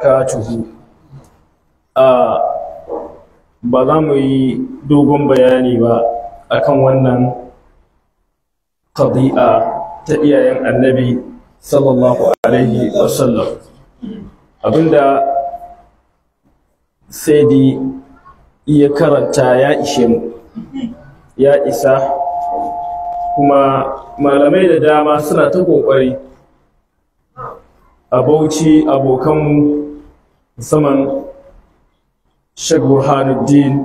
barakatuhu a ba za mu yi dogon bayani ba akan wannan qadi'a ta iyayen annabi sallallahu alaihi wasallam abinda sai di iya karanta ya ishe mu ya isa kuma malamai da dama suna ta kokari a bauchi abokanmu musamman Sheikh Burhanuddin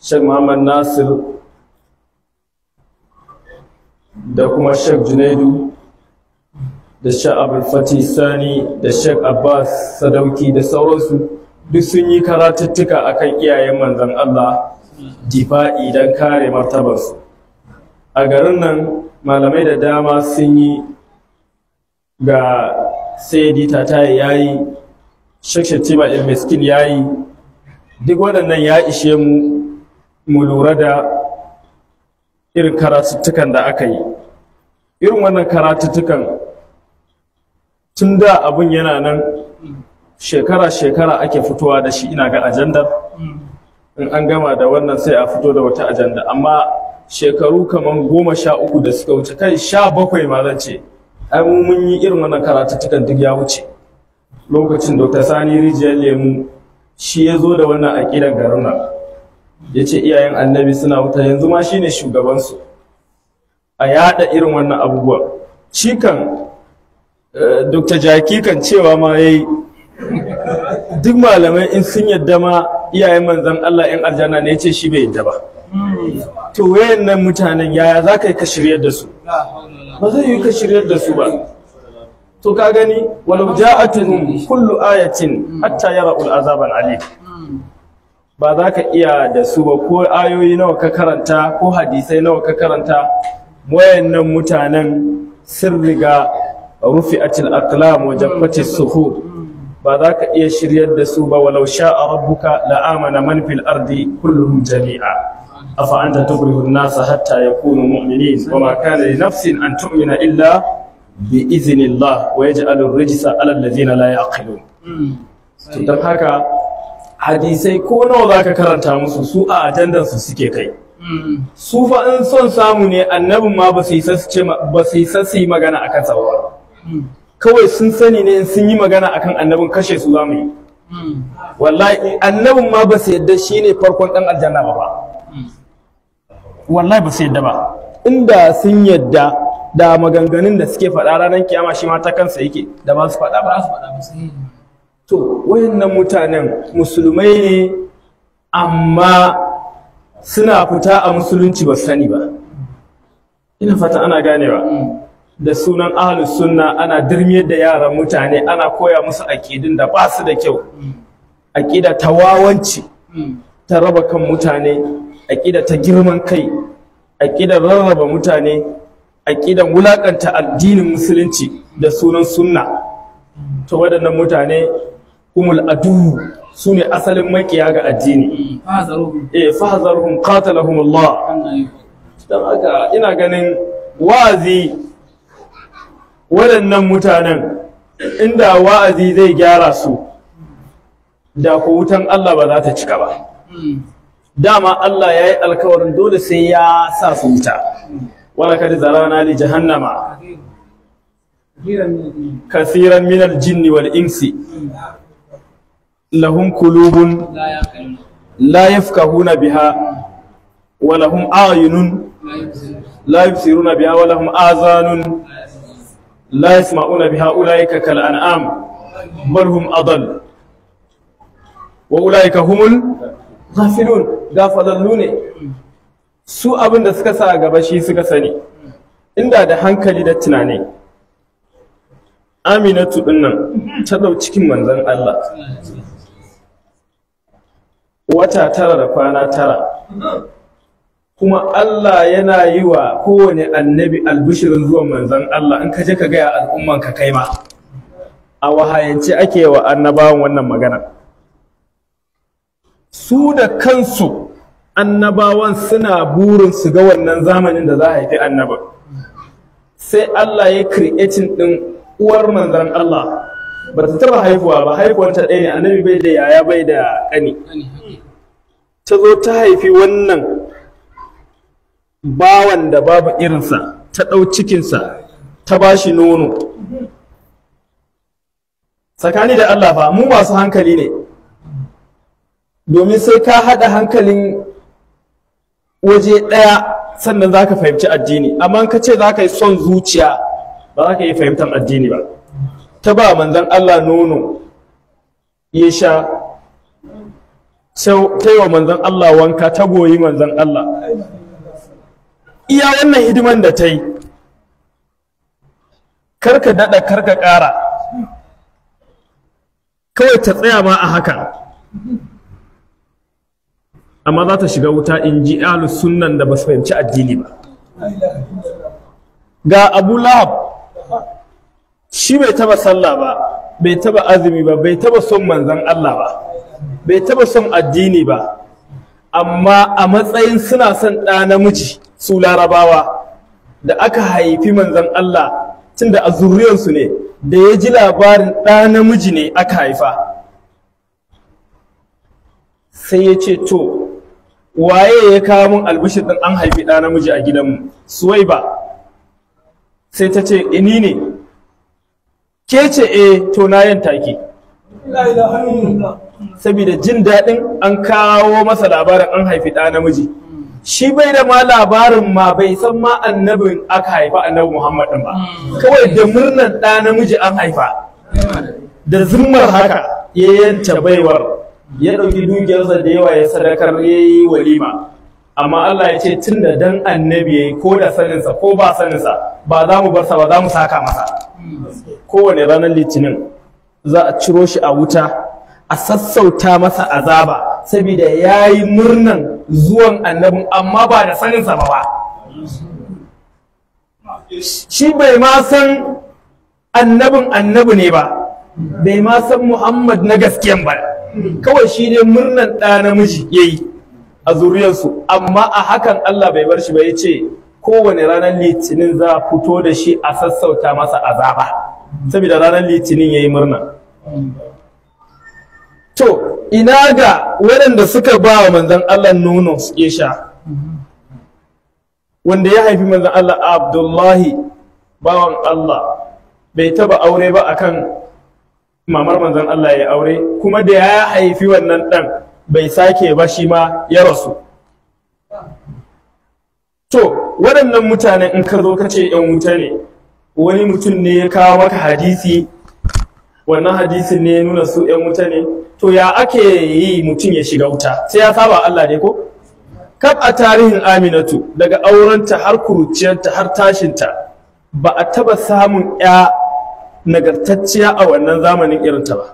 Sheikh Muhammad Nasir da kuma Sheikh Junaidu da Sheikh Abdul Fatih Sani da Sheikh Abbas Sadauki da sauransu duk sun yi karatuttuka akan iyayen manzon Allah difa'i don kare martabarsu a garin nan malamai da dama sun yi ga sai ta yayi Sheikh Shatima Ilmiskin ya yi duk waɗannan ya ishe mu mu lura da irin karatuttukan da aka yi irin wannan karatuttukan tun da abin yana nan shekara-shekara ake fitowa da shi ina ga ajandar in an gama da wannan sai a fito da wata ajanda amma shekaru kamar goma sha uku da suka wuce kai sha bakwai ma zan ce ai mun yi irin wannan karatuttukan duk ya wuce lokacin dr sani rijiyar lemu shi ya zo da wannan aƙidar garin ya ce iyayen annabi suna wuta yanzu ma shine shugabansu a yada irin wannan abubuwa shi kan eh, dr jaki kan cewa ma ya yi duk malamai in sun yadda ma iyayen manzan allah in aljanna ne ya ce shi bai yadda ba to wayannan mutanen yaya za ka yi ka shiryar da su ba zai yi ka shiryar da su ba to ka gani walau ja'atuhum kullu ayatin hmm. hatta yara'u azaban alim hmm. ba za ka iya da su ba ko ayoyi nawa ka karanta ko hadisai nawa ka karanta wayannan mutanen sun riga cin aqlam wa jaffatis hmm. suhu ba za ka iya shiryar da su ba walau a rabbuka la'amana amana man ardi kullum jami'a afa anta ta an-nasa hatta ya yakunu mu'minin wa ma kana li nafsin an tu'mina illa bi izinillah wa yaj'alur alal da allazina la ya'qilun hmm. to Don haka hadisai ko nawa za ka karanta musu su a ajandar su suke kai hmm. su fa in son samu ne annabin ma ba su yi sassi magana a kan ba hmm. kawai sun sani ne in sun yi magana a kan annabin kashe su za mu yi wallahi annabin ma ba su yadda shi ne farkon ɗan aljanna ba ba wallahi ba su yadda ba inda sun yadda da maganganun da suke faɗa ranar kiyama shi ma ta kansa yake da ba su faɗa ba su faɗa ba to wayannan mutanen musulmai ne amma suna fita a musulunci ba sani ba ina fata ana ganewa mm. da sunan ahlus sunna ana dirmi da yaran mutane ana koya musu aƙidun da ba su da kyau mm. aƙida ta wawanci mm. ta raba kan mutane aƙida ta girman kai ƙida rarraba mutane aƙidan wulaƙanta addinin musulunci da sunan sunna to waɗannan mutane humul adu su ne asalin makiya ga addini eh fahzarhum qatalahum Allah dan haka ina ganin wa'azi waɗannan mutanen inda wa'azi zai gyara su da ku wutan Allah ba za ta cika ba hmm. dama Allah ya yi alkawarin dole sai ya sa su wuta ولقد ذرانا لجهنم كثيرا من الجن والإنس لهم قلوب لا يفقهون بها ولهم أعين لا يبصرون بها ولهم آذان لا يسمعون بها أولئك كالأنعام بل هم أضل وأولئك هم الغافلون غافلون su abin da suka sa gaba shi suka sani inda da hankali da tunani aminatu nan, ta dau cikin manzon Allah wata tara da kwana tara kuma Allah yana yi wa kowane annabi albishirin zuwan manzon Allah in ka je ka gaya al'umman ka kai ma a wahayance ake wa annabawan wannan magana su da kansu annabawan suna burin su ga wannan zamanin da za a haifi annaba sai Allah ya creating ɗin, uwar manzan Allah ba ta taba haifuwa ba ta ɗaya ne annabi bai da yaya bai da ƙani ta zo ta haifi wannan bawan da babu irinsa ta ɗau cikinsa ta ba shi nono tsakani da Allah fa mu masu hankali ne domin sai ka haɗa hankalin waje ɗaya sannan za ka fahimci addini amma ka ce za ka yi son zuciya ba za ka yi fahimtar addini ba ta ba manzan Allah nono ya sha ta yi wa manzan Allah wanka ta goyi manzan Allah iya wannan hidiman da ta yi karka daɗa karka ƙara kawai ta tsaya ma a haka amma za ta shiga wuta in ji sunnan da ba su fahimci addini ba ga abu lahab shi bai taba sallah ba bai taba azumi ba bai taba son manzan Allah ba bai taba son addini ba amma a matsayin suna son ɗa namiji su larabawa da aka haifi manzan Allah tun da a ne da ya ji labarin ɗa namiji ne aka haifa sai ya ce to waye ya kawo min albishir din an haifi ɗa namiji a gidanmu suwaiba sai ta ce eh, ni ne ke ce e to na take saboda jin daɗin an kawo masa labarin an haifi ɗa namiji shi bai da ma labarin ma bai san ma annabin aka haifa annabi Muhammad din ba kawai da murnar ɗa namiji an haifa da zimmar haka ya yanta baiwar ya ɗauki dukiyarsa da yawa ya sadakar ya yi walima amma Allah ya ce tun da dan annabi ya yi ko da saninsa ko ba saninsa ba za mu barsa ba za mu saka masa kowane ranar litinin za a ciro shi a wuta a sassauta masa azaba saboda ya yi murnan zuwan annabin amma ba da saninsa ba shi bai ma san annabin annabi ne ba bai ma san muhammad na gaskiyan ba kawai shi ne murnan ɗa namiji ya yi a zuriyarsu amma a hakan Allah bai bar shi ba ya ce kowane ranar litinin za a fito da shi a sassauta masa azaba saboda ranar litinin ya yi murna to ina ga waɗanda suka ba wa manzan Allah nono suke sha wanda ya haifi manzan Allah Abdullahi bawan Allah bai taba aure ba akan mamar manzon Allah ya aure kuma da ya haifi wannan ɗan bai sake ba shi ma ya rasu to waɗannan mutane in ka zo ka ce ‘yan wuta ne wani mutum ne ya kawo maka hadisi wannan hadisin ne ya nuna su ‘yan wuta ne to ya ake yi mutum ya shiga wuta sai ya saba Allah ne ko kaf a tarihin aminatu daga aurenta har kuruciyarta har tashinta ba a taba samun ‘ya nagartacciya a wannan zamanin ta ba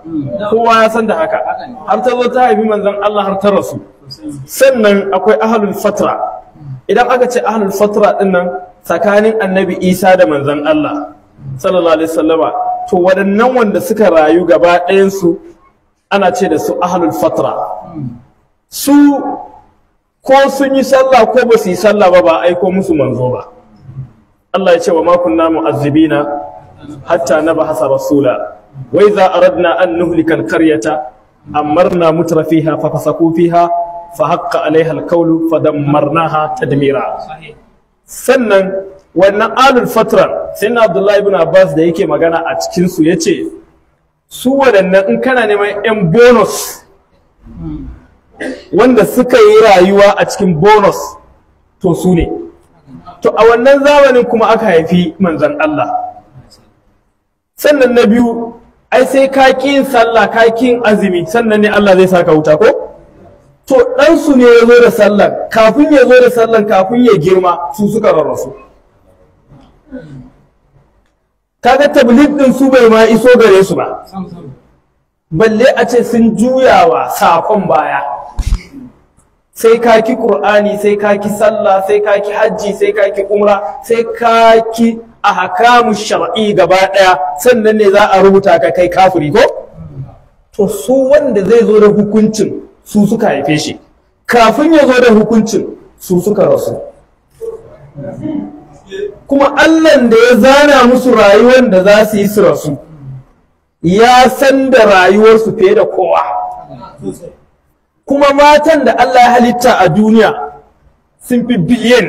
kowa ya san da haka har ta zo ta haifi manzon Allah har ta rasu sannan akwai ahlul fatra idan aka ce ahlul fatra din nan tsakanin annabi Isa da manzon Allah sallallahu alaihi wasallama to waɗannan wanda suka rayu gaba ɗayan su ana ce da su ahlul fatra su ko sun yi sallah ko ba su yi sallah ba ba aiko musu manzo ba Allah ya ce wa ma kunna mu'azzibina hatta na hasa rasula za a radna an nuhlika karyata amarna mutrafiha fafasaku fiha fa haqqa alaiha alqawlu ta tadmira sannan wannan alul fatra sai na abdullahi ibn abbas da yake magana a cikin su yace su waɗannan in kana neman yan bonus wanda suka yi rayuwa a cikin bonus to su ne to a wannan zamanin kuma aka haifi manzon Allah sannan na biyu ai sai ka kin sallah ka kin azumi sannan ne Allah zai saka wuta ko to dan su ne ya zo da sallah kafin ya zo da sallah kafin ya girma su suka rarrasu kaga tabligh din su bai ma iso gare su ba balle a ce sun juyawa sakon baya sai ka ki ƙur'ani sai ka ki sallah sai ka ki hajji sai ka ki umra sai ka ki hakamin shar'i gaba ɗaya, sannan ne za a rubuta ka kai kafiri ko to su wanda zai zo da hukuncin su suka haife shi kafin ya zo da hukuncin su suka rasu kuma allan da ya zana musu rayuwar da za su yi su rasu ya san da rayuwarsu fiye da kowa kuma matan da Allah ya halitta a duniya sun fi biliyan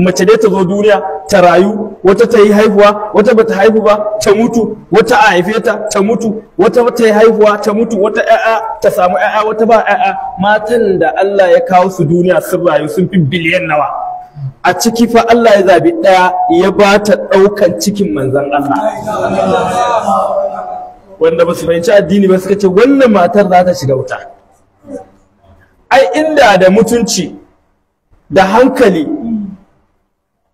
mace dai ta zo duniya ta rayu wata ta yi haihuwa wata bata haihu ba ta mutu wata a haife ta ta mutu wata ta yi haihuwa ta mutu wata ƴaƴa ta samu ƴaƴa wata ba ƴaƴa matan da Allah ya kawo su duniya sun rayu sun fi biliyan nawa a ciki fa Allah ya zabi ɗaya ya ba ta ɗaukan cikin manzan Allah wanda ba su fahimci addini ba suka ce wannan matar za ta shiga wuta ai inda da mutunci da hankali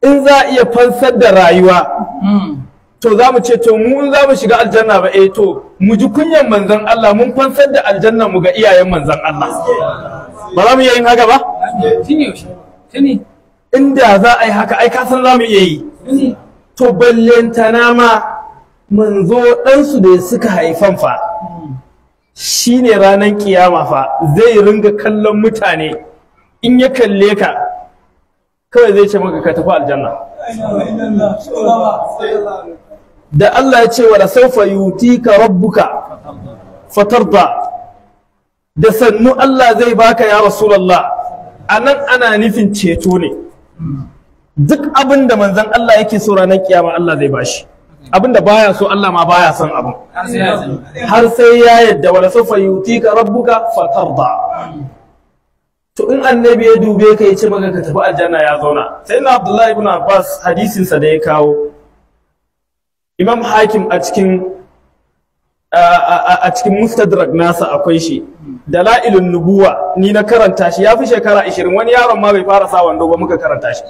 in za iya fansar da rayuwa hmm. to za mu ce to mu in za mu shiga aljanna ba eh to mu ji kunyan manzon Allah mun fansar da aljanna mu ga iyayen manzon Allah ba za mu iya yin haka ba inda za a yi haka ai ka san za mu iya yi to ballentana ma manzo ɗansu da suka haifan fa Shi ne ranar kiyama fa zai ringa kallon mutane in ya kalle ka kawai zai ce maka ka tafi aljanna da Allah ya ce wa la sawfa yutika rabbuka fatarda da sannu Allah zai baka ya rasulullah anan ana nufin ceto ne duk abin da manzon Allah yake so ranar kiyama Allah zai bashi Abin da baya so Allah ma baya son abin har sai ya yadda wala sawfa yutika rabbuka fatarda to in annabi ya dube ka ya ce maka ka tafi aljanna ya zauna sai na Abdullahi ibn Abbas hadisin sa da ya kawo Imam Hakim a cikin a cikin mustadrak nasa akwai shi dalailun nubuwa ni na karanta shi ya shekara 20 wani yaron ma bai fara sa wando ba muka karanta shi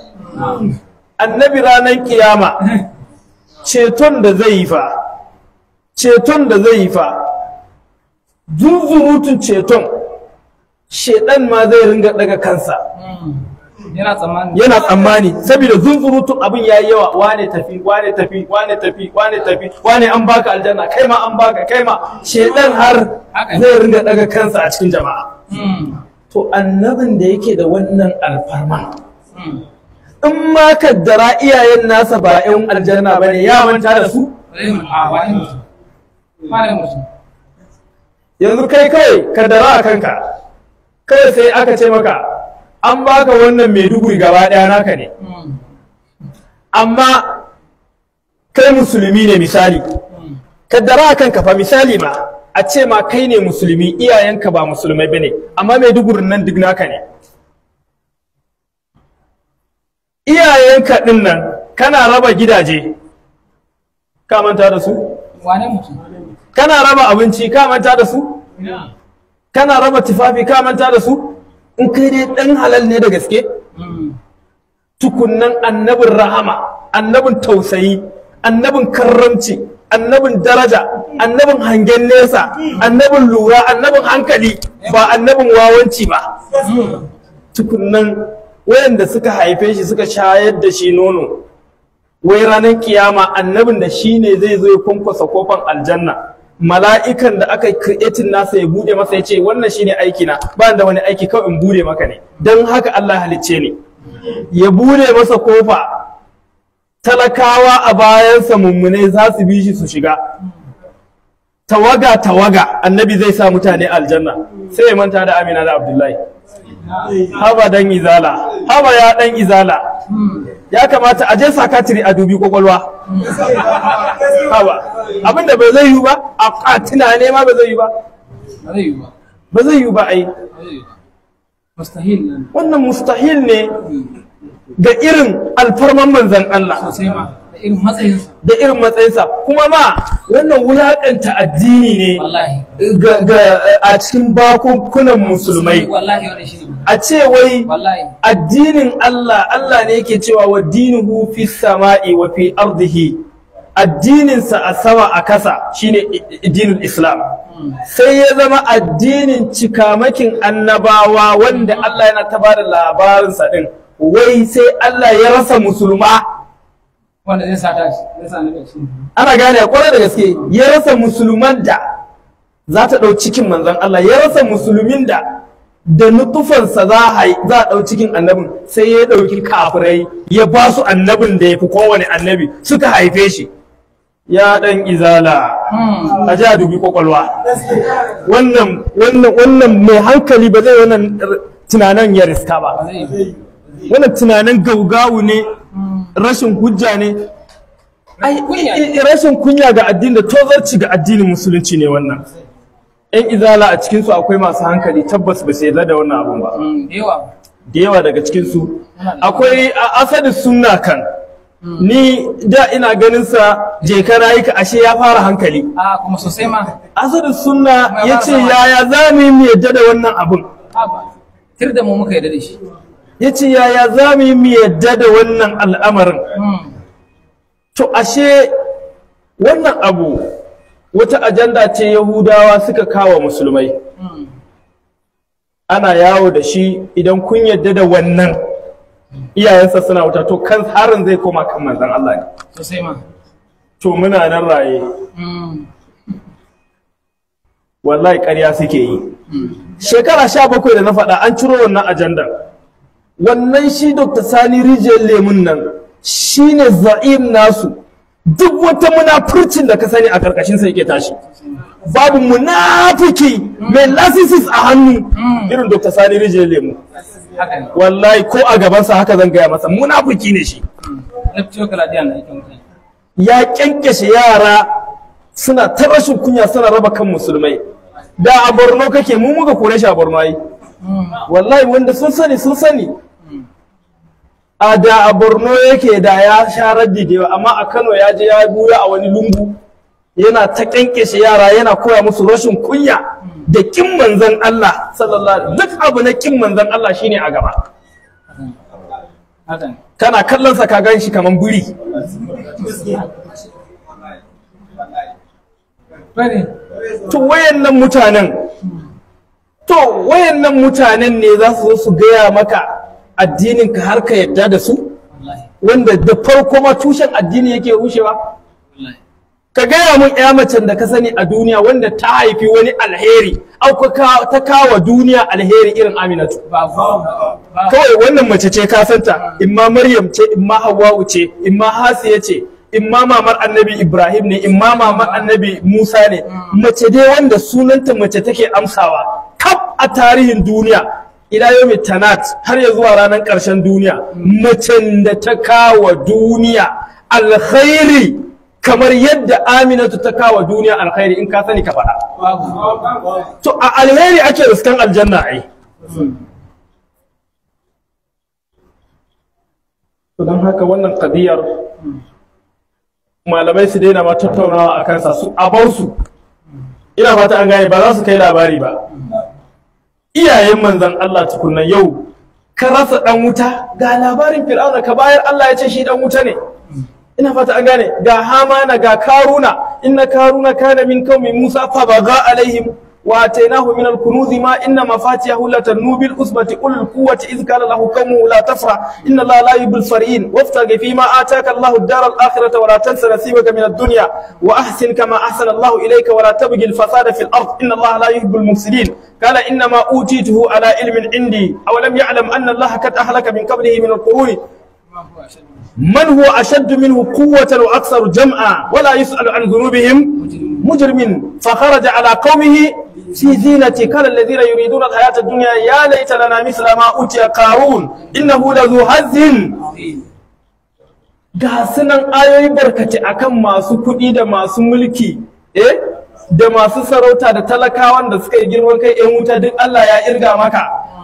annabi ranar kiyama ceton da zai yi fa ceton da zai yi fa zuzurutun ceton shedan ma zai ringa daga kansa yana tsammani saboda zunzurutun abin ya yi yawa wane tafi wane tafi wane tafi wane tafi wane an baka aljanna kai ma an baka kai ma shedan har zai ringa daga kansa a cikin jama'a hmm. to annabin da yake da wannan alfarma hmm. in ma kaddara iyayen nasa ba 'yan aljanna ba ne ya manta da su yanzu kai kai kaddara a kanka kai sai aka ce maka an baka wannan maiduguri gaba ɗaya naka ne hmm. amma kai musulmi ne misali hmm. kaddara a kanka fa misali ma a ce ma kai ne musulmi iyayenka ba musulmai bane amma maiduguri nan duk naka ne iyayenka din nan kana raba gidaje ka manta da su kana raba abinci ka manta da su kana raba tufafi ka manta da su in kai dai ɗan halal ne da gaske mm. tukunnan annabin rahama annabin tausayi annabin karramci annabin daraja annabin hangen nesa annabin lura annabin hankali ba annabin wawanci ba mm. tukunnan wayanda suka haife shi suka shayar da shi nono wai ranar kiyama annabin da shi ne zai zo ya kwankwasa kofan aljanna mala'ikan da aka creating nasa ya bude masa ya ce wannan shine aiki na ba da wani aiki kawai in bude maka ne dan haka Allah halicce ne ya bude masa kofa talakawa a bayansa mummune za su bi shi su shiga tawaga tawaga annabi zai sa mutane aljanna sai ya manta da Amina da Abdullahi haba dan izala haba ya dan izala ya kamata a je sakatiri a dubi kwakwalwa haba abinda ba zai yi ba a katila ne ma ba zai yi ba ba zai yi ba ai wannan mustahil ne ga irin alfarman manzan Allah da irin matsayinsa kuma ma wannan wulakanta addini ne a cikin bakunan musulmai a ce wai addinin Allah Allah ne yake cewa wa dinuhu fi sama'i wa fi ardihi addininsa a sama a kasa shine addinin Islam hmm. sai ya zama addinin cikamakin annabawa wanda Allah yana ta da labarinsa din wai sai Allah ya rasa musulma wanda zai zai sa ana gane kwarai da gaske ya rasa musulman da za ta ɗau cikin manzon Allah ya rasa musulmin da da nutufansa za a za ɗau cikin annabin sai ya ɗauki kafirai ya ba su annabin da ya fi kowane annabi suka haife shi ya ɗan izala hmm. a ji a dubi kwakwalwa wannan mai hankali ba zai wannan tunanin ya riska ba wannan tunanin gaugawu ne hmm. rashin hujja ne eh, rashin kunya ga addini da tozarci ga addinin musulunci ne wannan yan izala a cikinsu akwai masu hankali tabbas ba sai da wannan abun ba mm, da yawa daga cikinsu akwai a asadi sunna kan mm. ni da ina ganin sa je ka rayuka, ashe ya fara hankali a kuma sosai ma asadi sunna yace yaya zamu yi mu yadda da wannan abin? mu muka yadda da shi ya ce yaya za mu yi yadda da wannan al'amarin hmm. to ashe wannan abu wata ajanda ce yahudawa suka kawo musulmai hmm. ana yawo da shi idan kun yadda da wannan iyayensa suna wuta to kan harin zai koma kan manzan Allah ne to muna nan raye hmm. wallahi ƙarya suke yi shekara sha bakwai da na faɗa an ciro wannan ajandar wannan shi Dr. Sani rijiyar lemun nan shine za'im nasu duk wata munafurcin da ka sani a karkashin sai ke tashi babu munafiki mai lasisis a hannu irin Dr. Sani rijiyar lemun. wallahi ko a gabansa haka zan gaya masa munafiki ne shi ya kyankyashe yara suna ta rashin kunya suna raba kan musulmai da a borno kake mu muka kore shi a borno ai wallahi wanda sun sani sun sani a da a borno yake da ya sha raddi amma a kano ya je ya buya a wani lungu yana ta kyankyashe yara yana koya musu rashin kunya da kin manzan Allah sallallahu duk abu na kin manzan Allah shine a gaba kana kallon sa ka gan shi kaman buri to wayannan mutanen to wayannan mutanen ne za su zo su gaya maka addinin ka har ka yadda da su wanda da farko ma tushen addini yake rushewa ka gaya mun ya macen da ka sani a duniya wanda ta haifi wani alheri au ta kawo duniya alheri irin aminatu kawai wannan mace ce ka santa imma maryam ce ma hawwa'u ce imma hasiya ce imma mamar annabi ibrahim ne imma mamar annabi musa ne mm. mace dai wanda sunanta mace take amsawa a tarihin duniya ila yau tanat har ya zuwa ranar ƙarshen duniya macen da ta kawa duniya alkhairi kamar yadda aminatu ta kawo duniya alkhairi in ka sani ka faɗa to a alheri ake fuskan aljanna ai to don haka wannan kadiyar malamai su daina ma tattaunawa a kansa su a su ina fata an gane ba za su kai labari ba iyayen manzan Allah tukunna yau ka rasa dan wuta ga labarin fir'auna ka bayar Allah ya ce shi dan wuta ne ina fata an gane ga hamana ga karuna inna karuna kana min kaumi musa fa baga alaihim واتيناه من الكنوز ما ان مفاتيحه لتنو بالعصبة قل القوة اذ قال له قومه لا تفرح ان الله لا يحب الفرحين وافتغ فيما اتاك الله الدار الاخرة ولا تنس نصيبك من الدنيا واحسن كما احسن الله اليك ولا تبغ الفساد في الارض ان الله لا يحب المفسدين قال انما اوتيته على علم عندي اولم يعلم ان الله قد اهلك من قبله من القرون من هو أشد منه قوة وأكثر جمعا ولا يسأل عن ذنوبهم مجرم فخرج على قومه في زينة قال الذين يريدون الحياة الدنيا ya laita لنا مثل ما أوتي قارون إنه لذو حظ عظيم ga sunan ayoyi barkace akan masu kuɗi da masu mulki eh da masu sarauta da talakawan da suka yi girman kai yan wuta duk Allah ya irga maka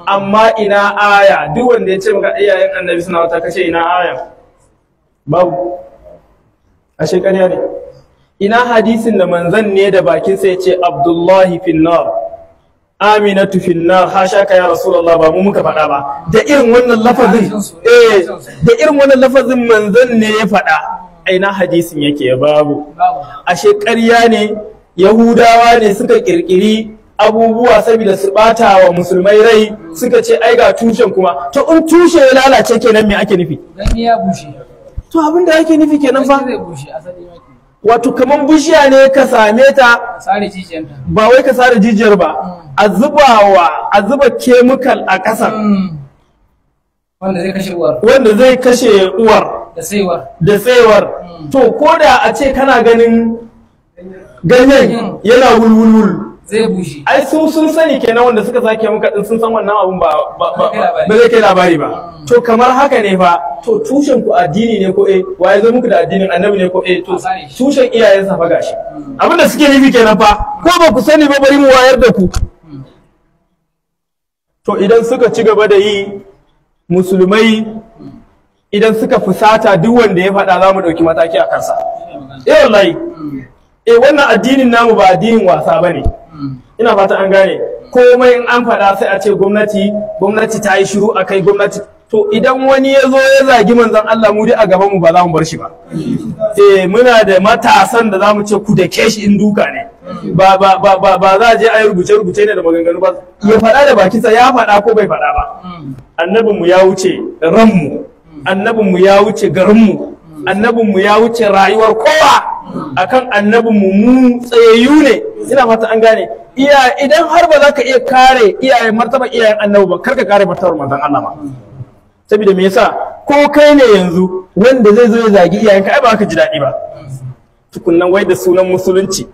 amma ina aya duk wanda ya ce maka iyayen annabi suna wata kashe ina aya babu ashe ƙarya ne ina hadisin da manzan ne da bakin ya ce abdullahi finnar aminatu finnar hasha ka ya rasulallah, ba mu muka faɗa ba da irin wannan lafazin eh da irin wannan lafazin manzan ne ya faɗa aina hadisin yake babu ashe ƙarya ne yahudawa ne suka ƙirƙiri abubuwa saboda su bata wa musulmai rai suka ce ai ga tushen kuma to in tushe ya lalace kenan me ake nufi dan ya bushe to abin ake nufi kenan fa wato kaman bishiya ne ka same ta ba wai ka sare jijiyar ba a zuba wa? a zuba kemikal a ƙasa hmm. wanda zai kashe uwar da saiwar hmm. to ko da a ce kana ganin ganyen yana wulwulwul zai bushe ai sun sani kenan wanda suka sake muka din sun san wannan abun ba ba zai kai labari ba mm. to kamar haka ne fa to tushen ku addini ne ko eh waye zai muku da addinin annabi ne ko eh to tushen iyayensa fa gashi mm. abin da suke nufi kenan fa ko ba ku sani ba bari mu wayar da ku mm. to idan suka ci gaba da yi musulmai idan suka fusata duk wanda ya faɗa za mu ɗauki mataki a kansa eh wallahi eh wannan addinin namu ba addinin wasa bane ina fata an gane komai in an faɗa sai a ce gwamnati gwamnati ta yi shiru akai gwamnati to idan wani ya zo ya zagi manzon Allah mu dai a gaban mu ba za mu bar shi ba eh muna da matasan da zamu ce ku da keshi in duka ne ba ba ba ba ba za a je ayi rubuce rubuce ne da maganganu ba ya faɗa da bakinsa ya faɗa ko bai faɗa ba annabin mu ya wuce ranmu annabin mu ya wuce garin mu annabin mu ya wuce rayuwar kowa akan annabin mu mu tsayayyu ne ina fata an gane iya idan har ba za ka iya kare iyaye martaba iyayen annabi ba kar ka kare martabar manzon Allah ba saboda me yasa ko kai ne yanzu wanda zai zo ya zagi iyayenka ai ba ka ji daɗi ba tukunnan wai da sunan musulunci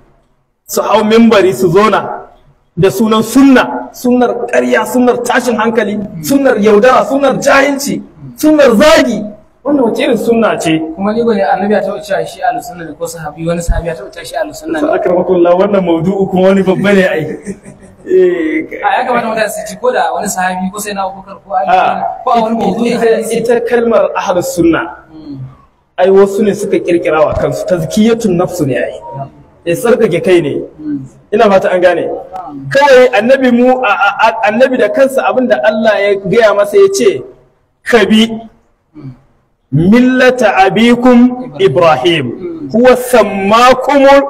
su hau mimbari su zona da sunan sunna sunnar ƙarya sunnar tashin hankali sunnar yaudara sunnar jahilci sunnar zagi wannan wace irin sunna ce kuma ni gwani, annabi ya wuce shi a sunna ne ko sahabi wani sahabi ya wuce shi a sunna ne Allah wannan mawdu'u kuma wani babba ne ai eh, a ya kamata mutane su ci ko da wani sahabi ko sai na Abubakar ko Ali ah. ko wani mawdu'i ita kalmar ahlus sunna hmm. ai wasu ne suka kirkira wa kansu tazkiyatun nafsu ne ai ya eh, tsarkake kai ne hmm. ina fata an gane ah. kawai annabi mu annabi da kansa abinda Allah ya gaya masa ya ce ka bi hmm. millata abikum ibrahim huwa sammakumul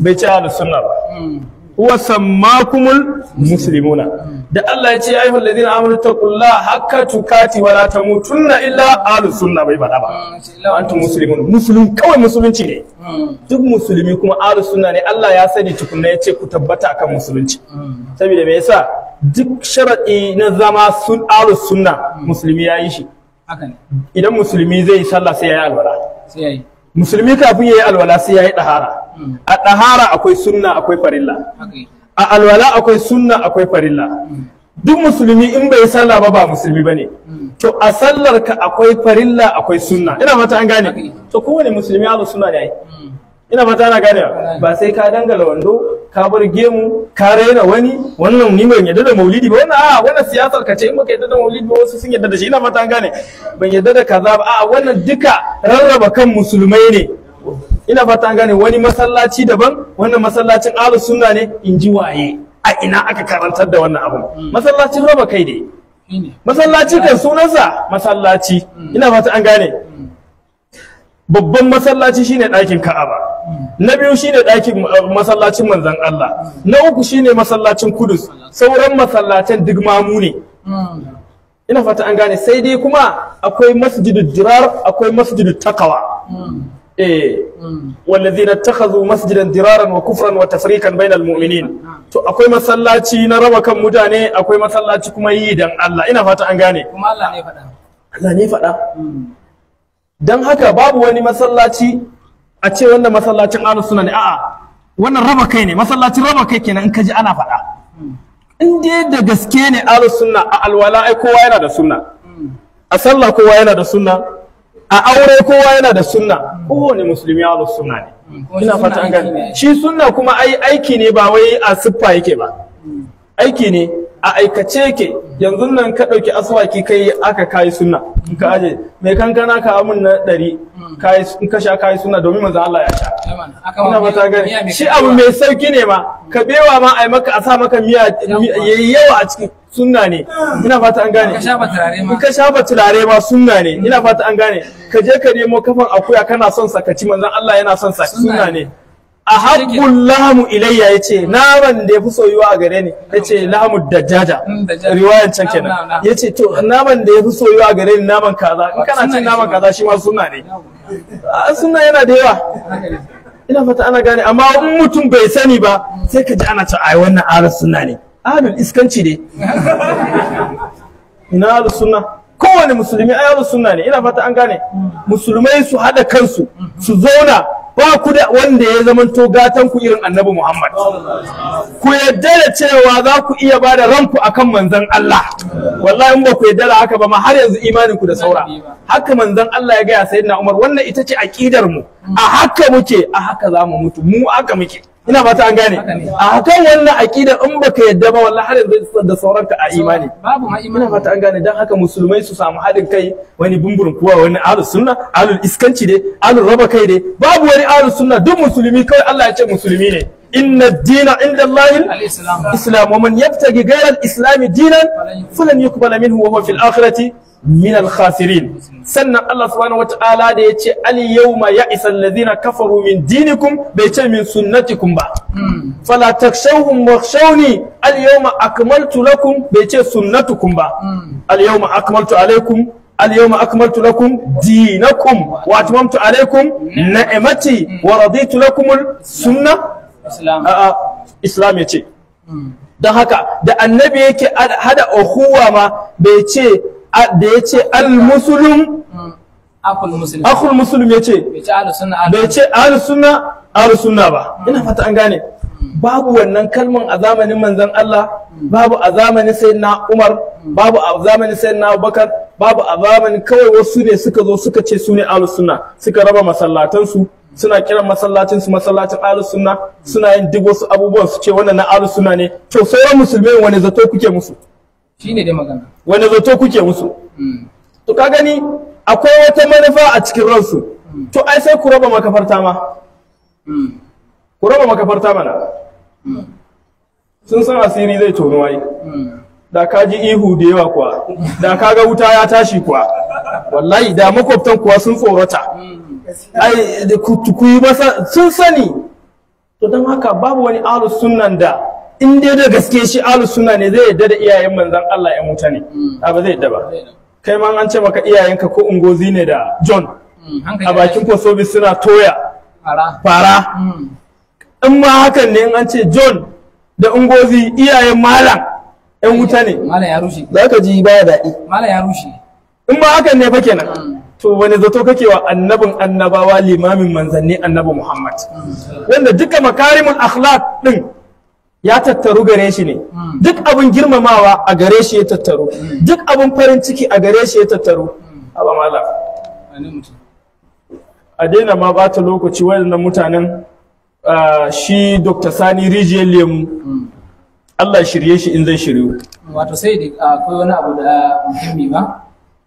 bai ci ahlus sunna ba hmm. huwa sammakumul muslimuna da Allah ya ce ayyuha alladhina amanu taqullaha haqqa tukati wa la tamutunna illa ahlus sunna bai faɗa ba hmm, antum muslimun muslim kawai musulunci ne hmm. duk muslimi kuma ahlus sunna ne Allah ya sani tukunna ya ce ku tabbata akan musulunci saboda me yasa duk sharadi na zama sun ahlus sunna muslimi ya yi shi idan musulmi zai yi sallah sai ya yi alwala musulmi kafin ya yi alwala sai ya yi ɗahara hmm. a ɗahara akwai sunna akwai farilla a alwala akwai sunna akwai farilla hmm. duk musulmi in bai sallah ba ba musulmi ne hmm. to a sallar ka akwai farilla akwai sunna ina mata an gane to kowane musulmi zo suna da yi. ina fata na gane ba sai ka dangala wando ka bar gemu ka raina wani wannan ni ban yadda da maulidi ba wannan a wannan siyasar ka ce in baka yadda da maulidi ba wasu sun yadda da shi ina fata gane ban yadda da kaza ba a wannan duka rarraba kan musulmai ne ina fata gane wani masallaci daban wannan masallacin ahlus sunna ne in ji waye a ina aka karantar da wannan abu masallacin raba kai ne masallaci kan sunansa masallaci ina fata an gane babban masallaci shine ɗakin ka'aba na biyu shine ɗakin eh, masallacin manzon Allah na uku shine masallacin kudus sauran masallacin duk mamu ne ina fata an gane sai dai kuma akwai masjidu dirar akwai masjidu takawa eh wallazina takhazu masjidan diraran wa kufran wa tafrikan bainal mu'minin to akwai masallaci na raba kan mutane akwai masallaci kuma yi dan Allah ina fata an gane kuma Allah ne faɗa Allah ne faɗa hmm. don haka babu wani masallaci a ce wanda masallacin ahlus sunna ne a'a wannan raba kai ne masallacin raba kai kenan in ka ji ana faɗa in dai da gaske ne ahlus sunna a alwala ai kowa yana da sunna a sallah kowa yana da sunna a aure kowa yana da sunna kowane musulmi ahlus sunna ne ina fata an gani shi sunna kuma ai aiki ne ba wai a siffa yake ba aiki ne a aikace yake yanzu nan ka ɗauki aswaki kai aka kayi sunna in ka aje mai kankana ka amun na ɗari in ka sha kayi sunna domin manzo Allah ya sha ina ba ta gani shi abu mai sauki ne ma ka bewa ma ai maka a sa maka miya yayi yawa a cikin sunna ne ina fata an gane in ka shafa turare ma sunna ne ina fata an gane ka je ka nemo kafan akuya kana son sa ka ci manzon Allah yana son sa sunna ne a haƙƙun lahamu ilayya ya ce naman da ya fi soyuwa a gare ni ya ce lahamu jaja mm, riwayan can kenan ya ce to naman da ya fi soyuwa a gare ni naman kaza in kana cin naman kaza shi ma suna ne suna yana da yawa ina fata ana gane amma in mutum bai sani ba sai ka ji ana ta ai wannan ahlus suna ne Adal iskanci ne ina ahlus suna kowane musulmi ai ahlus sunna ne ina fata an gane mm. musulmai su hada kansu su zauna ba ku da wanda ya zamanto gatan ku irin annabi Muhammad ku yadda da cewa za ku iya ba da ranku akan manzon Allah wallahi in ba ku yadda da haka ba ma har yanzu imanin ku da saura haka manzon Allah ya gaya sayyidina Umar wannan ita ce aqidar mu a haka muke a haka za mu mutu mu haka muke ina ta an gane a kan wannan akida in baka yadda ba wallahi har yanzu da sauranka a imani babu ma imani ta an gane dan haka musulmai su samu haɗin kai wani bumburin kuwa wani ahlus sunna ahlul iskanci dai ahlul raba kai dai babu wani ahlus sunna duk musulmi kawai Allah ya ce musulmi ne إن الدين عند الله الإسلام. الإسلام ومن يبتغي غير الإسلام دينا فلن يقبل منه وهو في الآخرة من الخاسرين سنة الله سبحانه وتعالى ديتي اليوم يئس الذين كفروا من دينكم بيتي من سنتكم با فلا تخشوهم واخشوني اليوم أكملت لكم بيتي سنتكم با اليوم أكملت عليكم اليوم أكملت لكم دينكم وأتممت عليكم نعمتي ورضيت لكم السنة islam ya ce don haka da annabi yake hada uhuwa ma bai ce da ya ce al-musulun akul musulun ya ce bai ce al-sunna al-sunna ba ina hmm. fata an gane babu wannan kalman a zamanin manzan Allah hmm. babu a zamanin na Umar hmm. babu a zamanin na Abubakar babu a zamanin kawai wasu ne suka zo suka ce su ne al-sunna suka raba masallatansu suna kiran masallacin su masallacin ahlus sunna suna yin duk wasu abubuwan su ce wannan na ahlus sunna ne to sauran musulmai wani zato kuke musu shine dai magana wani zato kuke musu hmm. to ka gani akwai wata manufa a cikin ransu hmm. to ai sai ku raba makafarta ma hmm. ku raba makafarta mana sun san asiri zai tono ai da ka ji ihu da yawa kuwa da ka ga wuta ya tashi kuwa wallahi da makwabtan kuwa sun tsorata ai da ku yi masa sun sani to don haka babu wani ahlus sunnan da in dai da gaske shi ahlus sunna ne zai yadda da iyayen manzon Allah ya mutane hmm. a ba zai yadda ba kai ma an ce maka iyayenka ko ungozi ne da John hmm, a bakin ko sobi suna toya fara hmm. in ma hakan ne in an ce John da ungozi iyayen malam yan wuta ne malam ya rushe za ka ji ba daɗi malam ya rushe in ma hakan ne fa kenan to wani zato kake wa annabin annabawa limamin manzanni annabi Muhammad wanda duka makarimin akhlaq din ya tattaru gare shi ne duk abin girmamawa a gare shi ya tattaru duk abin farin ciki a gare shi ya tattaru haba mala a daina ma ba ta lokaci waɗannan mutanen shi Dr. Sani Rijiyar Lemu Allah shirye shi in zai shiryu wato sai da akwai wani abu da muhimmi ba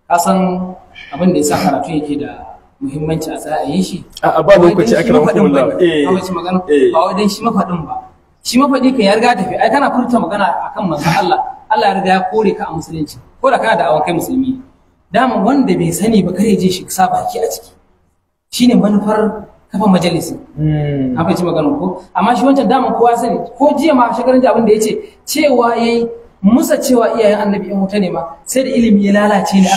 kasan abin da ya sa karatu yake da muhimmanci a za a yi shi a ba lokaci aka ramu kuma eh ba eh. magana ba wai dan shi mafadin ba shi mafadi ka ya riga tafi ai kana furta magana akan manzon Allah Allah ya riga ya kore ka a musulunci ko da kana da awan kai musulmi dama wanda bai sani ba kare je shi sa baki a ciki shine manufar kafa majalisi hmm. an fahimci maganar ko amma shi wancan dama kowa sani ko jiya ma shagarin abin da ya ce cewa yayi musa cewa iyayen annabi in wuta ne ma sai da ilimi ya lalace ne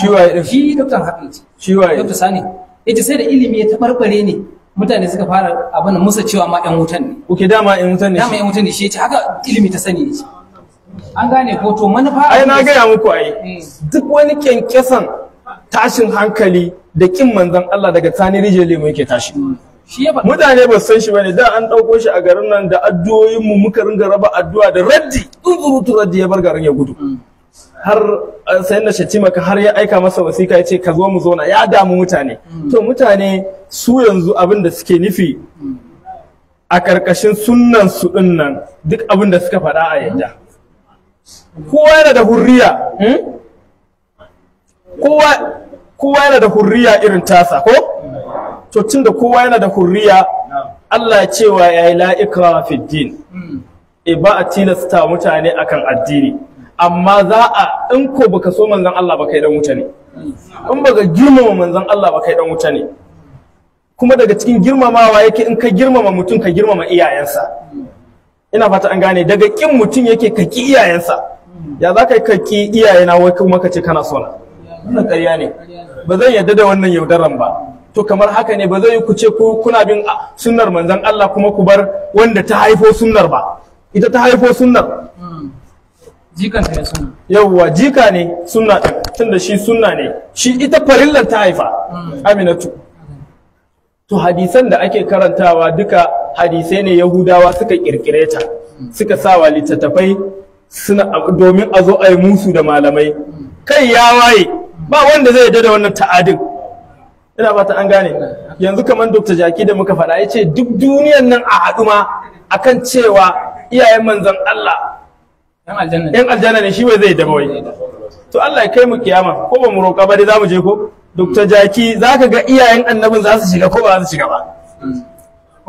shi doktan hakan ce shi waye doktan sani ita sai da ilimi ya tabarbare ne mutane suka fara abin musa cewa ma yan wutan ne oke dama yan wutan ne dama yan wutan ne shi ce haka ilimi ta sani ne an gane ko to manufa ai na gaya muku ai hmm. duk wani kyankyasan tashin hankali da kin manzon Allah daga tani rijiyar mu yake tashi hmm. mutane ba san shi bane da an dauko shi a garin nan da addu'o'in mu muka ringa raba addu'a da raddi unzurutu raddi ya bar garin ya gudu mm. har eh, sai da Shatima har ya aika masa wasika ya ce ka zo mu zauna ya damu mutane mm. to mutane su yanzu abin da suke nufi mm. a karkashin sunnan su din nan duk abin da suka faɗa a yadda kowa yana da hurriya hmm? kowa yana da hurriya irin tasa ko to tunda kowa yana da hurriya Allah ya cewa ya yi la'ika fi din e ba a tilasta mutane akan addini amma za a in ko baka so manzon Allah ba kai dan wuta ne in baka girmama manzon Allah ba kai dan wuta ne kuma daga cikin girmamawa yake in ka girmama mutum ka girmama iyayensa ina fata an gane daga kin mutum yake ka ki iyayensa ya za ka yi kaki iyayena wai kuma ka ce kana sona wannan ƙarya ne ba zan yarda da wannan yaudaran ba to kamar haka ne ba zai yi ku ce ku kuna bin ah, sunnar manzan Allah kuma ku bar wanda ta haifo sunnar ba ita ta haifo sunnar hmm. jikan ta sunna yawwa jika ne sunna tunda shi sunna ne shi ita farillar ta haifa hmm. aminatu to hadisan da ake karantawa duka hadisai ne yahudawa suka kirkire ta hmm. suka sawa littattafai suna domin a zo a yi musu da malamai kai ya waye ba wanda zai yarda da wannan ta'adin ina ba ta an gane eh. yanzu kamar dr jaki da muka faɗa ya ce duk duniyan nan a haɗu ma akan cewa iyayen manzan Allah yan aljanna ne shi bai zai daba to Allah ya kai mu kiyama ko ba mu roƙa ba dai za mu je ko dr jaki za ga iyayen annabin za su shiga ko ba za su shiga ba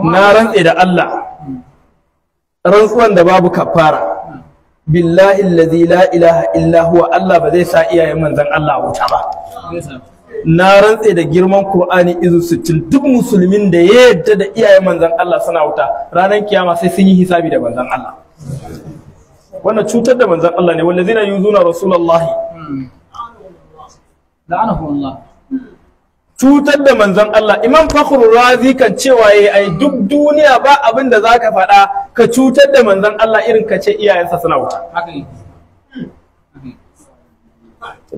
mm. na rantse da Allah rantsuwan da babu kafara billahi allazi la ilaha illa huwa Allah ba zai sa iyayen manzan Allah wuta ba na rantse da girman Qur'ani izu cin duk musulmin da ya yadda da iyayen manzon Allah suna wuta ranar kiyama sai sun yi hisabi da manzon Allah wannan cutar da manzon Allah ne wallazina yuzuna rasulullahi la'anahu Allah cutar da manzon Allah imam fakhru razi kan cewa yayi ai duk duniya ba abin da zaka faɗa ka cutar da manzon Allah irin ka ce iyayensa suna wuta haka ne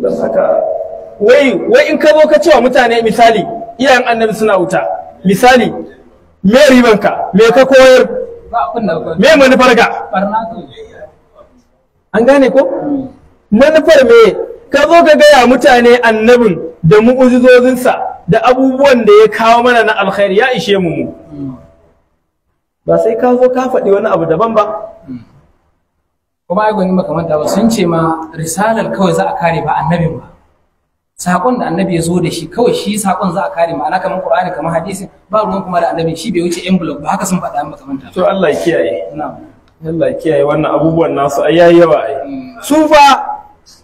haka wai wai in ka zo ka cewa mutane misali iyayen annabi suna wuta misali me ribanka me ka koyar me manufar ka an gane ko manufar me ka zo ka gaya mutane annabin da mu'ujizozinsa da abubuwan da ya kawo mana na alkhairi ya ishe mu mu ba sai ka zo ka faɗi wani abu daban ba kuma ai gwanin makamanta ba sun ce ma risalar kawai za a kare ba annabin ba sakon da annabi ya zo da shi kawai shi sakon za a kare ma'ana kamar qur'ani kamar hadisi ba ruwan kuma da annabi shi bai wuce envelope ba haka sun faɗa an makamanta to Allah ya kiyaye na'am Allah ya kiyaye wannan abubuwan nasu ai yayi yawa ai mm. su fa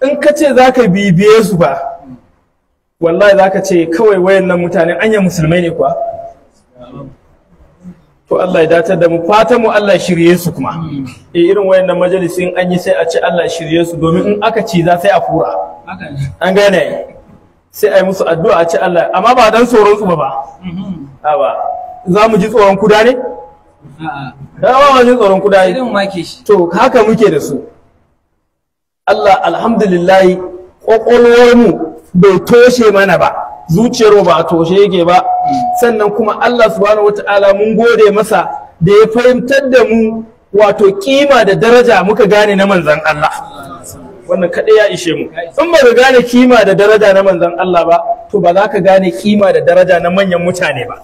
in ka ce zaka bibiye su fa wallahi ka ce kawai wayan nan mutane anya musulmai ne kuwa to Allah ya datar da mu fata mu Allah shirye su kuma mm. eh irin wayan wayannan majalisin an yi sai a ce Allah shirye su domin in aka ci za sai a fura an gane sai a yi musu addu'a a ci Allah amma ba dan tsoron su ba ba za mu ji tsoron kuda ne a ba ji tsoron kuda ne to haka muke da su Allah alhamdulillah ƙwaƙwalwar mu bai toshe mana ba zuciyar ba a toshe yake ba sannan kuma Allah subhanahu wataala mun gode masa da ya fahimtar da mu wato kima da daraja muka gane na manzan Allah wannan kaɗai ya ishe mu in ba ka gane kima da daraja na manzon Allah ba to ba za ka gane kima da daraja na manyan mutane ba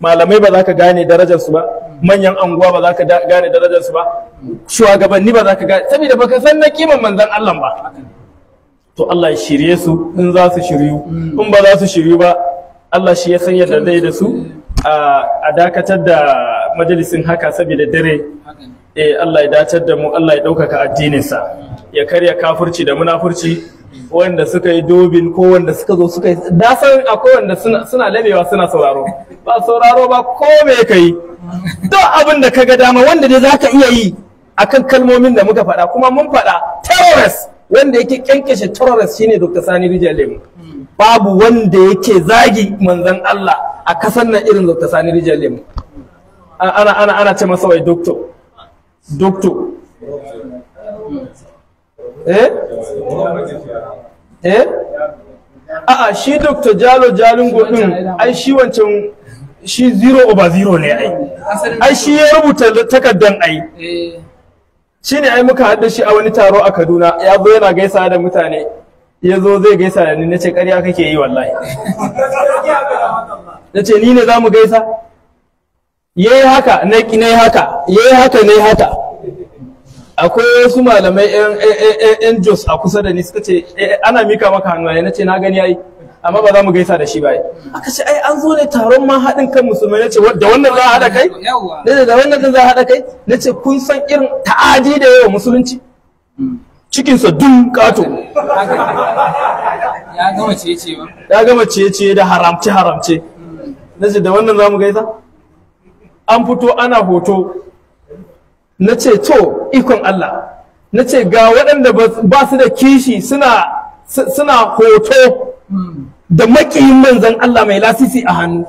malamai ba za ka gane darajar su ba manyan anguwa ba za ka gane darajar su ba shugabanni ba za ka gane saboda baka san na kiman manzon Allah ba to Allah ya shirye su in za su shiryu in ba za su shiryu ba Allah shi ya san yadda dai da su a dakatar da majalisin haka saboda dare eh Allah ya datar da mu Allah ya ɗaukaka addininsa. ya karya kafirci da munafurci wanda suka yi dobin ko wanda suka zo suka yi na san akwai wanda suna lamewa suna sauraro ba sauraro ba ko me ka yi duk abin da ka ga dama wanda dai zaka iya yi akan kalmomin da muka faɗa kuma mun faɗa terrorist wanda yake kyankyashe terrorist shine Dr. Sani Rijal Lemu babu wanda yake zagi manzon Allah a kasan nan irin Dr. Sani Rijal Lemu ana ce masa wai doctor doctor eh eh a'a shi dr jalo jalingo din ai shi wancan shi zero over zero ne ai ai shi ya rubuta takardan ai eh. shi ne ai muka haɗa shi a wani taro a kaduna ya zo yana gaisa da mutane ya zo zai gaisa da ni na ce ƙarya kake yi wallahi na ce ni ne za mu gaisa ya yi haka na yi haka ya yi haka na yi haka akwai wasu malamai yan jos a kusa da ni suka ce eh, eh, ana mika maka hannu na ce na gani yayi amma ba za mu gaisa da shi ba aka ce ai an zo ne taron ma haɗin kan musulmai nace da wannan za a haɗa kai nace da wannan za a haɗa kai nace kun san irin ta'adi da yawa musulunci hmm. cikinsa dun kato ya gama ciye-ciye ba ya gama ciye-ciye da haramce haramce hmm. nace da wannan za mu gaisa an fito ana hoto na ce to ikon Allah na ce ga waɗanda ba su da kishi suna hoto da makiyin manzan Allah mai lasisi a hannu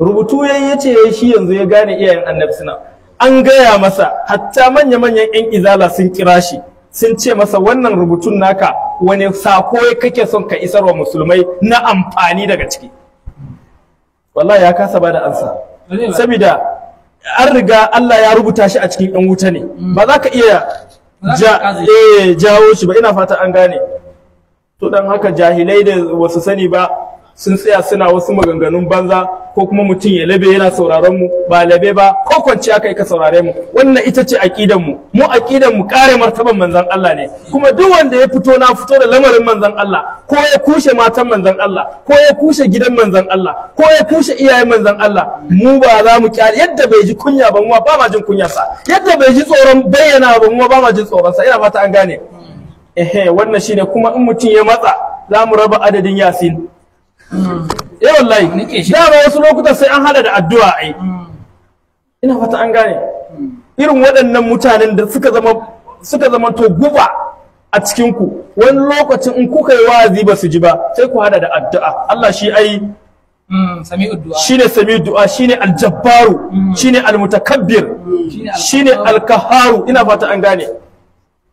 rubutu ya yi ce shi yanzu ya gane iyayen annabi suna an gaya masa hatta manya-manyan 'yan izala sun kira shi sun ce masa wannan rubutun naka wani sako ya kake son ka isarwa musulmai na amfani daga ciki wallahi ya kasa ba da ansa saboda an riga Allah ya rubuta shi a cikin ɗan wuta ne mm. ba za ka iya eh, jawo shi ba ina fata an gane to dan haka jahilai da wasu sani ba sun tsaya suna wasu maganganun banza ko kuma mutum ya labe yana sauraron mu ba labe ba ko aka yi ka saurare mu wannan ita ce aqidan mu mu aqidan mu kare martaban manzon Allah ne kuma duk wanda ya fito na fito da lamarin manzon Allah ko ya kushe matan manzon Allah ko ya kushe gidan manzon Allah ko ya kushe iyayen manzon Allah mu ba za mu kyale yadda bai ji kunya ba mu ba ma jin sa yadda bai ji tsoron bayyana ba mu ba ma jin tsoronsa ina fata an gane ehe wannan shine kuma in mutum ya matsa za mu raba adadin yasin eh wallahi nake shi dama wasu lokutan sai an hada da addu'a ai mm. ina fata an gane mm. irin waɗannan mutanen da suka zama suka zama to guba a cikin ku wani lokacin in kuka yi wa'azi ba su ji ba sai ku hada da addu'a Allah shi ai mm, shine sami du'a shine aljabbaru shine almutakabbir shine alkaharu ina fata an gane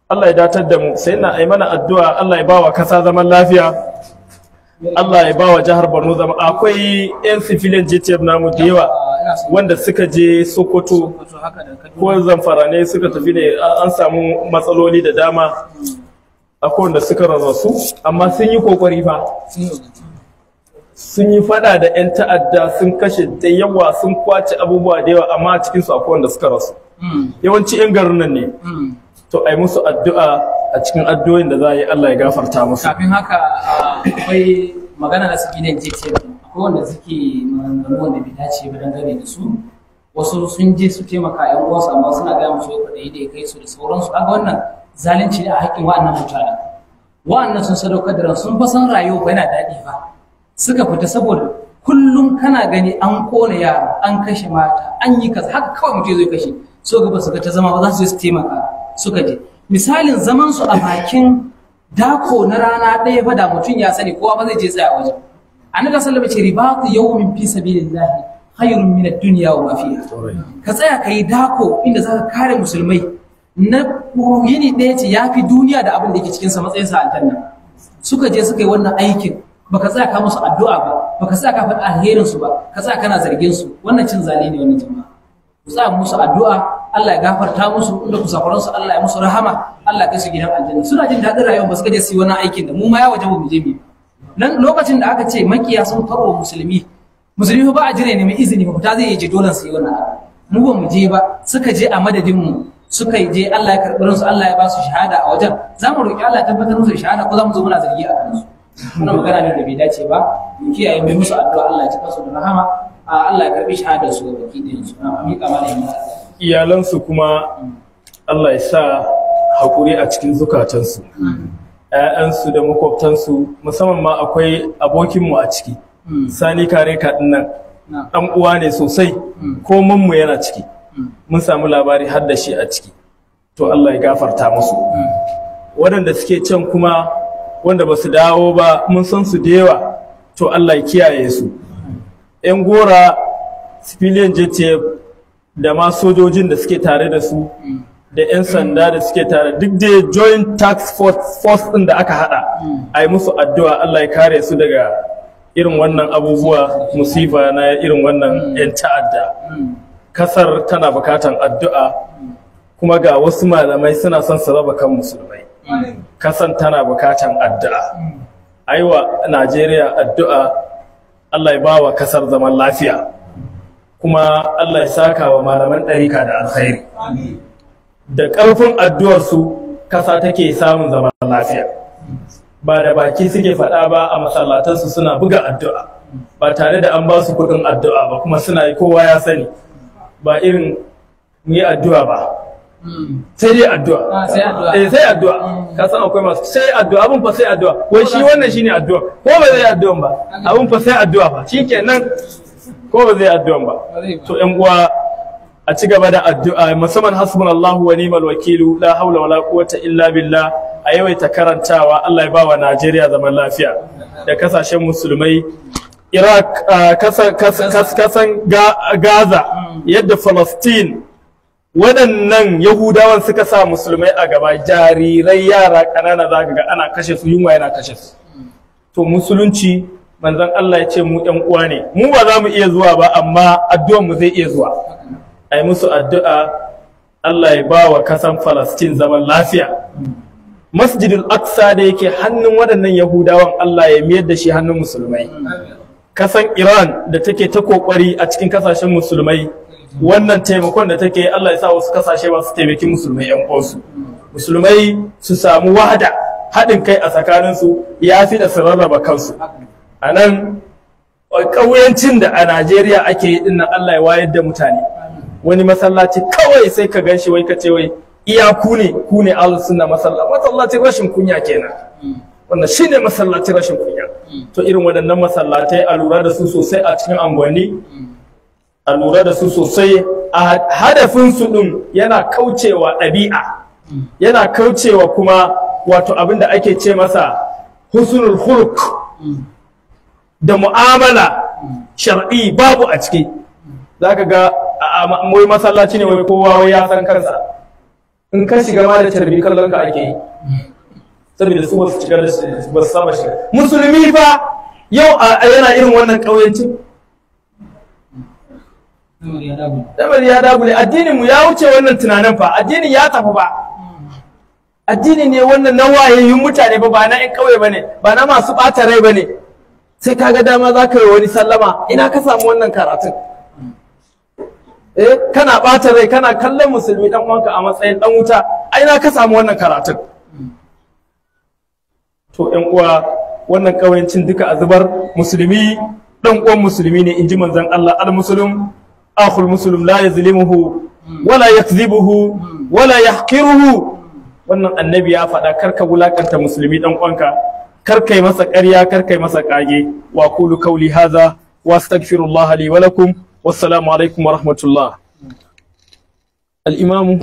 Allah ya datar da mu sai na ai mana addu'a Allah ya bawa kasa zaman lafiya Allah ya bawa jihar Borno zama akwai yan civilian JTF namu da yawa wanda suka je Sokoto ko Zamfara ne suka tafi ne an samu matsaloli da dama akwai wanda suka su amma sun yi kokari fa sun yi fada da 'yan ta'adda sun kashe da yawa sun kwace abubuwa da yawa amma cikinsu akwai wanda suka rasu hmm. yawanci 'yan garin nan ne hmm. to ai musu addu'a a cikin addu'o'in da za a yi Allah ya gafarta musu kafin haka akwai magana da suke ne akwai wanda suke maganganu wanda bai dace ba gane da su wasu sun je su taimaka yan uwansu amma suna gaya musu yau kwaɗayi da ya kai su da sauransu kaga wannan zalunci ne a haƙƙin wa'annan mutanen wa'annan sun sadaukar da sun fa san rayuwa ba yana daɗi ba suka fita saboda kullum kana gani an kona yara an kashe mata an yi kaza haka kawai mutum zai kashe so gaba su ga ta zama ba za su je su taimaka suka je misalin zaman su a bakin dako na rana ɗaya fa da mutum ya sani kowa ba zai je tsaya waje annabi sallallahu alaihi wasallam ce ribatu yawmin fi sabilillah khairun min ad-dunya wa ma fiha ka tsaya kai dako inda zaka kare musulmai na yini ɗaya ce ya fi duniya da abin da yake cikin sa matsayin sa aljanna suka je suka yi wannan aikin baka tsaya ka musu addu'a ba baka tsaya ka faɗi alherin su ba ka tsaya kana zargin su wannan cin zali ne wannan jama'a ku tsaya musu addu'a Allah ya gafarta musu inda kusakuran su Allah ya musu rahama Allah ya kasu gidan aljanna suna jin daɗin rayuwa ba su kaje su yi wani aikin da mu ma ya waje mu je mu nan lokacin da aka ce makiya sun farwa musulmi musulmi ba a jira ne mai izini ba ta zai yi dolan su yi wannan mu ba mu je ba suka je a madadin mu suka yi je Allah ya karɓi su Allah ya ba su shahada a wajen za mu roƙi Allah ya tabbatar musu shahada ko za mu zo muna zargi a kansu wannan magana ne da bai dace ba mu kiyaye mai musu addu'a Allah ya cika su da rahama Allah ya karɓi shahadar su ga baki ɗayan su na miƙa malamin Allah iyalansu kuma Allah ya sa haƙuri a cikin zukatansu ‘ya'yansu da makwabtansu musamman ma akwai abokinmu a ciki hmm. sani kare kaɗin nan ɗan uwa ne sosai hmm. ko mu yana ciki hmm. mun samu labari har da shi a ciki to Allah ya gafarta musu waɗanda suke can kuma wanda ba su dawo ba mun san su da yawa to Allah ya kiyaye su ‘yan gora civilian JTF da ma sojojin da suke tare da su da 'yan sanda da suke tare duk da joint tax force ɗin da aka haɗa a musu addu'a Allah ya kare su daga irin wannan abubuwa musifa na irin wannan 'yan ta'adda kasar tana bukatan addu'a kuma ga wasu malamai suna son su raba kan musulmai kasan tana bukatan addu'a aiwa najeriya addu'a Allah ya ba wa kasar zaman lafiya kuma Allah ya saka wa malaman ɗarika da alkhairi da ƙarfin addu'arsu kasa take samun zaman lafiya ba da baki suke faɗa ba a masallatansu suna buga addu'a ba tare da an ba su kuɗin addu'a ba kuma suna yi kowa ya sani ba irin yi addu'a ba sai dai ah, addu'a eh sai addu'a ka san akwai masu sai addu'a abun fa sai addu'a wai shi wannan shine addu'a ko ba zai addu'a ba abun fa sai addu'a fa shikenan ko ba zai addu'an ba to 'yan uwa a ci gaba da addu'a musamman hasbunallahu wa ni'mal wakilu la haula wala quwwata illa billa a yawaita karantawa Allah ya bawa Najeriya zaman lafiya da kasashen musulmai Iraq kasan Gaza mm. yadda Palestine waɗannan Yahudawan suka sa musulmai a gaba jarirai yara ƙanana za ga ana kashe su yunwa yana kashe su mm. to musulunci manzon Allah ya ce mu ɗan uwa ne mu ba za mu iya zuwa ba amma addu'ar mu zai iya zuwa ai musu addu'a Allah ya bawa kasan Falastin zaman lafiya Masjidul Aqsa da yake hannun waɗannan Yahudawan Allah ya miyar da shi hannun musulmai kasan Iran da take ta kokari a cikin kasashen musulmai wannan taimakon da take Allah ya sa wasu kasashe ba su taimaki musulmai yan uwansu musulmai su samu wahada haɗin kai a tsakaninsu ya fi da su rarraba kansu a nan ƙauyancin da a najeriya ake yi dinnan allah ya wayar da mutane wani masallaci kawai sai ka gan shi wai ka ce wai iya ku ne ku ne suna masallacin rashin kunya kenan wannan shine masallacin rashin kunya to irin waɗannan masallatai a lura da su sosai a cikin angwani a lura da su sosai a hadafin su ɗin yana kaucewa ɗabi'a yana kaucewa kuma wato abin da ake ce masa husnul huluk da mu'amala shar'i babu a ciki za ka ga wai masallaci ne wai kowa wai ya san kansa in ka shiga ma da tarbi kallon ka ake yi saboda su wasu cikar da su ba saba shiga musulmi fa yau yana irin wannan ƙauyancin Dabar ya dagule addinin mu ya wuce wannan tunanin fa addinin ya tafi ba addini ne wannan na wayayyun mutane ba ba na ƴan ƙauye ba ne ba na masu ɓata rai ba ne sai ka ga dama za ka yi wani sallama ina ka samu wannan karatun eh kana ɓata rai kana kallon musulmi dan uwanka a matsayin dan wuta a ina ka samu wannan karatun to yan uwa wannan kawancin duka a zubar musulmi dan uwan musulmi ne inji manzon Allah al muslim akhul muslim la yazlimuhu wala yakzibuhu wala yahqiruhu wannan annabi ya faɗa karka wulakanta musulmi dan uwanka kar kai masa ƙarya kar kai masa ƙage wa qulu qawli hadha wa astaghfirullah li wa lakum wassalamu alaikum wa rahmatullah al-imamu